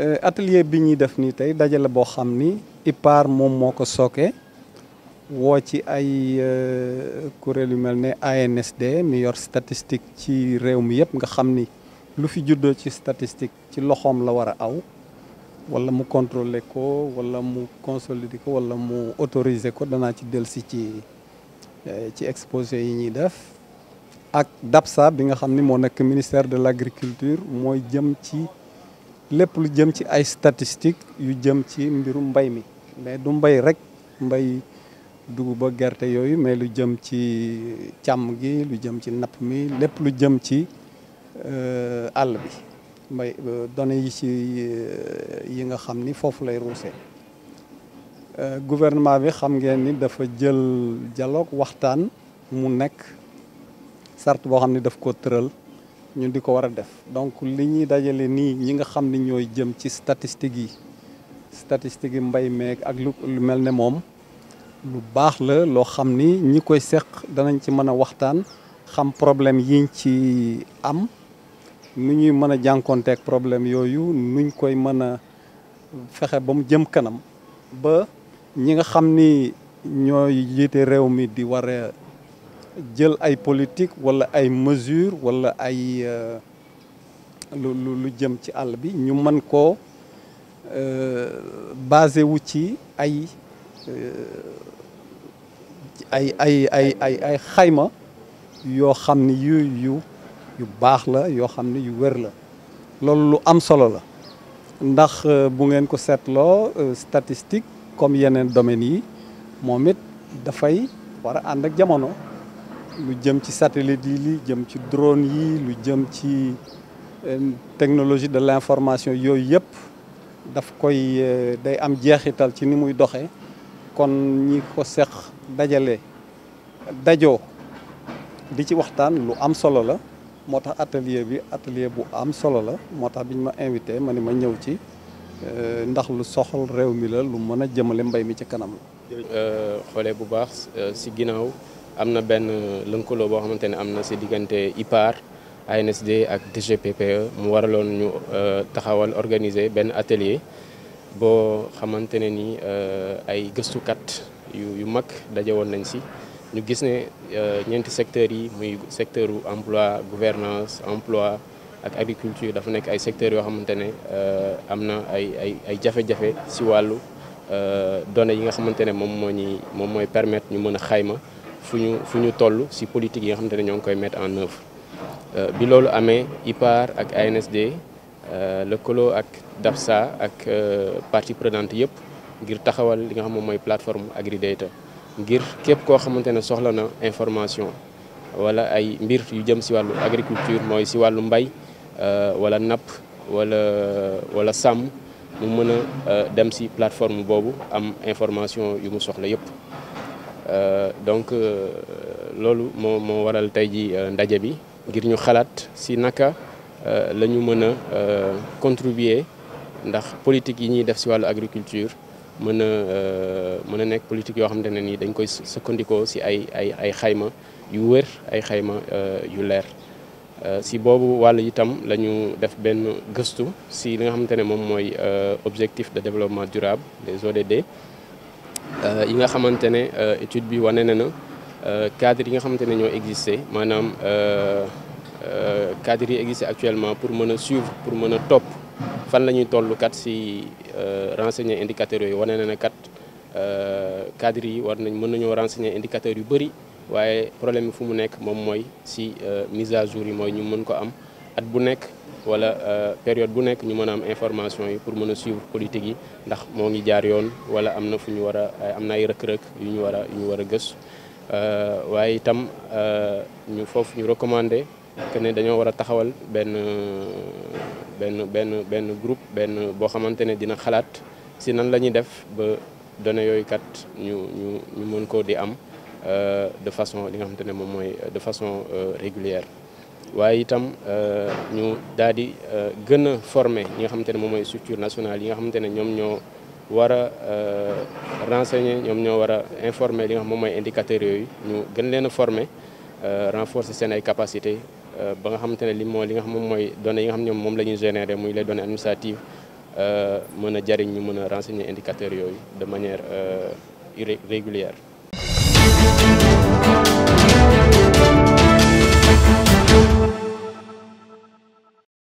Euh, atelier bi ñuy def nii tey dajale boo xam ni IPAR moom moo ko sooke woo ci ay euh, kuréel yu mel ne ANSD mi statistique ci réew mi yëpp nga xam ni lu fi juddoo ci statistique ci loxoom la war a aw wala mu contrôler ko wala mu consolider ko wala mu autoriser ko danaa ci dellusi ci euh, ci exposé yi ñuy def ak DAPSA bi nga xam ni moo nekk ministère de l'agriculture mooy jëm ci lepp lu jëm ci ay statistique yu jëm ci mbiru mbay mi mais du mbay rek mbay dugub ba gerté yoyu mais lu jëm ci cham gi lu jëm ci nap mi lepp lu jëm ci all euh, bi mbay euh, donné yi ci euh, yi nga xamni fofu lay lay euh gouvernement bi xam ngeen ni dafa jël dialogue waxtaan mu nek sart bo xamni daf ko ñun di ko war a def donc li ñuy dajale nii ñi nga xam ne ñooy jëm ci statistiques yi statistiques yi mbay meeg ak lu mel ne moom lu baax la loo xam ni ñi koy seq danañ ci mën a waxtaan xam problème yiñ ci am nu ñuy mën a jànkonteeg problème yooyu nuñ koy mën a fexe ba mu jëm kanam ba ñi nga xam ni ñooy jiite réew mi di war a jël ay politique wala ay mesures wala ay euh, lu lu jëm ci àll bi ñu mën koo euh, basé wu ci ay euh, ay ay ay ay ay xayma yoo xam ni yu yu yu baax la yoo xam ni yu wér la loolu lu am solo la ndax bu ngeen ko seetloo statistique comme yeneen domaines yi moom it dafay war a ànd ak jamono lu jëm ci satellite yi li jëm ci drone yi lu jëm ci technologie de l'information yooyu yëpp daf koy e, day am jeexital ci ni muy doxee kon ñi ko seq dajale dajo di ci waxtaan lu am solo la motax atelier bi atelier bu am solo la motax biñ ma invité ma ni ma ñëw ci e, ndax lu soxal rew mi la lu mëna jëmele mbay mi ci kanam euh xolé bu baax ci euh, ginaaw amna ben leunkolo bo xamantene amna ci diganté IPAR ANSD ak DGPPE mu waraloon ñu euh, taxawal organiser ben atelier bo xamantene ni euh, ay kat yu yu mag dajewon nañ ci ñu gis né euh, ñenti secteur yi muy secteur emploi gouvernance emploi ak agriculture dafa nek ay secteur yo xamantene ne am na ay ay jafé jafé ci walu wàllu données yi nga xamantene mom moñi mom moy permettre ñu mëna xayma fu ñu fu ñu politique yi nga xamante ne ñoo ngi koy mettre en œuvre euh, bi loolu amee IPAR ak ANSD euh, le Colo ak DAPSA ak euh, partie prenante yëpp ngir taxawal li nga xam moom mooy plateforme AgriData ngir képp koo xamante ne soxla na information wala ay mbir yu jëm ci walu agriculture moy ci walu mbay euh wala nap wala wala sam mu mëna a dem ci plateforme bobu am information yu mu soxla yépp euh, donc euh, loolu mo moo waral tey ji euh, ndaje bi ngir ñu xalat si naka lañu mëna contribuer ndax politique yi ñi def ci walu agriculture mëna mëna nek politique yo xamantene ni. dañ koy sukkandikoo si ay ay ay xayma yu wër ay xayma yu leer si bobu walu itam lañu def ben gëstu si li nga xamantene mom moy objectif de développement durable les ODD euh, yi nga xamante ne euh, étude bi wane na euh, cadre yi nga xamante ñoo existé maanaam cadre yi existé actuellement pour mën suivre pour mën top fan lañuy tollu kat si renseigner indicateurs yooyu wane na ne kat cadre yi war nañ mën ñoo renseigner indicateurs yu bari waye problème bi fu mu nekk moom si mise à jour yi moy ñu mën ko am at bu nekk wala euh, période bu nek ñu mëna am information yi pour mëna suivre politique yi ndax mo ngi jaar yoon wala amna fu ñu wara euh, amna ay rek rek yu ñu wara ñu wara ñu euh waye tam euh ñu fofu ñu recommander que ne dañoo wara taxawal ben ben ben groupe ben bo xamantene dina xalat si nan lañuy def ba données yoy kat ñu ñu ñu mën ko di am euh, de façon li nga xamante ne de façon régulière Waitem itam euh, ñu daal di euh, gën a former ñi nga xamante ne moom structure nationale yi nga xamante ne ñoo war a euh, renseigner ñoom ñoo war informer li nga xam moom mooy indicateurs yooyu ñu gën leen a former renforcer seen ay capacités ba nga xamante ne li moo li nga xam moom mooy données yi nga xam ñoom moom la générer muy ñu renseigner indicateurs yooyu de manière régulière